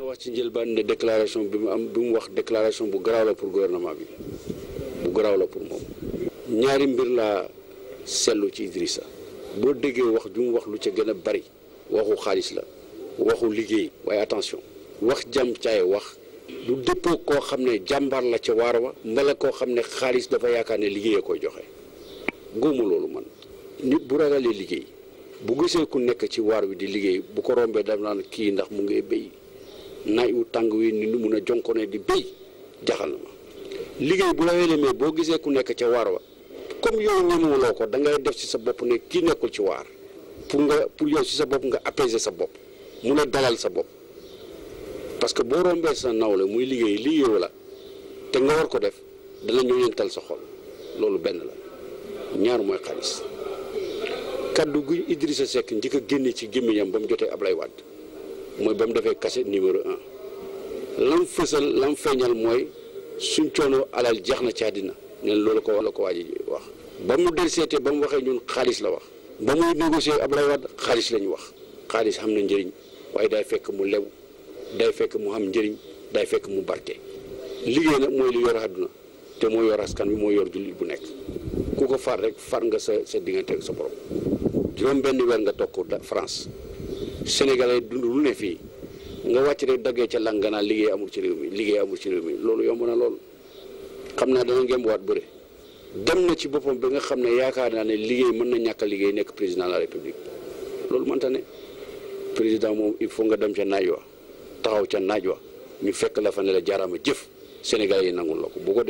nga wax ci njëlbaan ne déclaration bi mu am bi mu wax déclaration bu garaaw la pour gouvernement bi bu garaaw la pour moom ñaari mbir la seetlu ci Idrissa boo déggee wax ju mu wax lu ca gën a bari waxu xaalis la waxu liggéey waaye attention wax jàmm caay wax du dëppoo koo xam ne jàmbar la ca waar wa mbala koo xam ne xaalis dafa yaakaar ne liggéeyee koy joxe góoma loolu man nit bu ragalee liggéey bu gisee ku nekk ci waar bi di liggéey bu ko rombee daf naan kii ndax mu ngi béy nay wu tang wi ni nu jonkone di bi jaxal ma liggéey bu la welemee bo gisee ku nek ci war wa comme yow mu loko da ngay def si sa bop ne ki nekkul ci war pour nga pour yow si sa bop nga apaiser sa bop dalal sa bop parce que bo rombee sa nawle muy wala te nga war ko def dana ñooñantal sa xol lolu ben la ñaar moy xaliss kaddu gu Idrissa Seck ndika genn ci bam Ablaye mooy ba mu defee kase numéro un lam fësal lam feeñal mooy suñ coono alal jeex na ci àddina ne ko la ko waa ji wax ba mu del seete ba mu waxee ñun xaalis la wax ba muy négocier Ablaye Wade xaalis la ñu wax xaalis xam na njëriñ waaye day fekk mu lew day fekk mu xam njëriñ day fekk mu barke liggéey nag mooy li yor àdduna te mooy yor askan bi moo yor jullit bu nekk ku ko far rek far nga sa sa diggante ak sa borom juróom benn weer nga toog France sénégalais dund lu ne fii nga wàcc rek daggee ca lang nga naan liggéey amul ci réew liggéey amul ci réew mi loolu yomb na lool xam naa dana ngeen waat bëre dem na ci boppam ba nga xam ne yaakaar naa ne liggéey mën na ñàkk liggéey nekk président de la république loolu manta ne président moom il faut nga dem ca naaj wa taxaw ca naaj wa ñu fekk la fa ne la jaaraama jëf sénégalais yi nangul la ko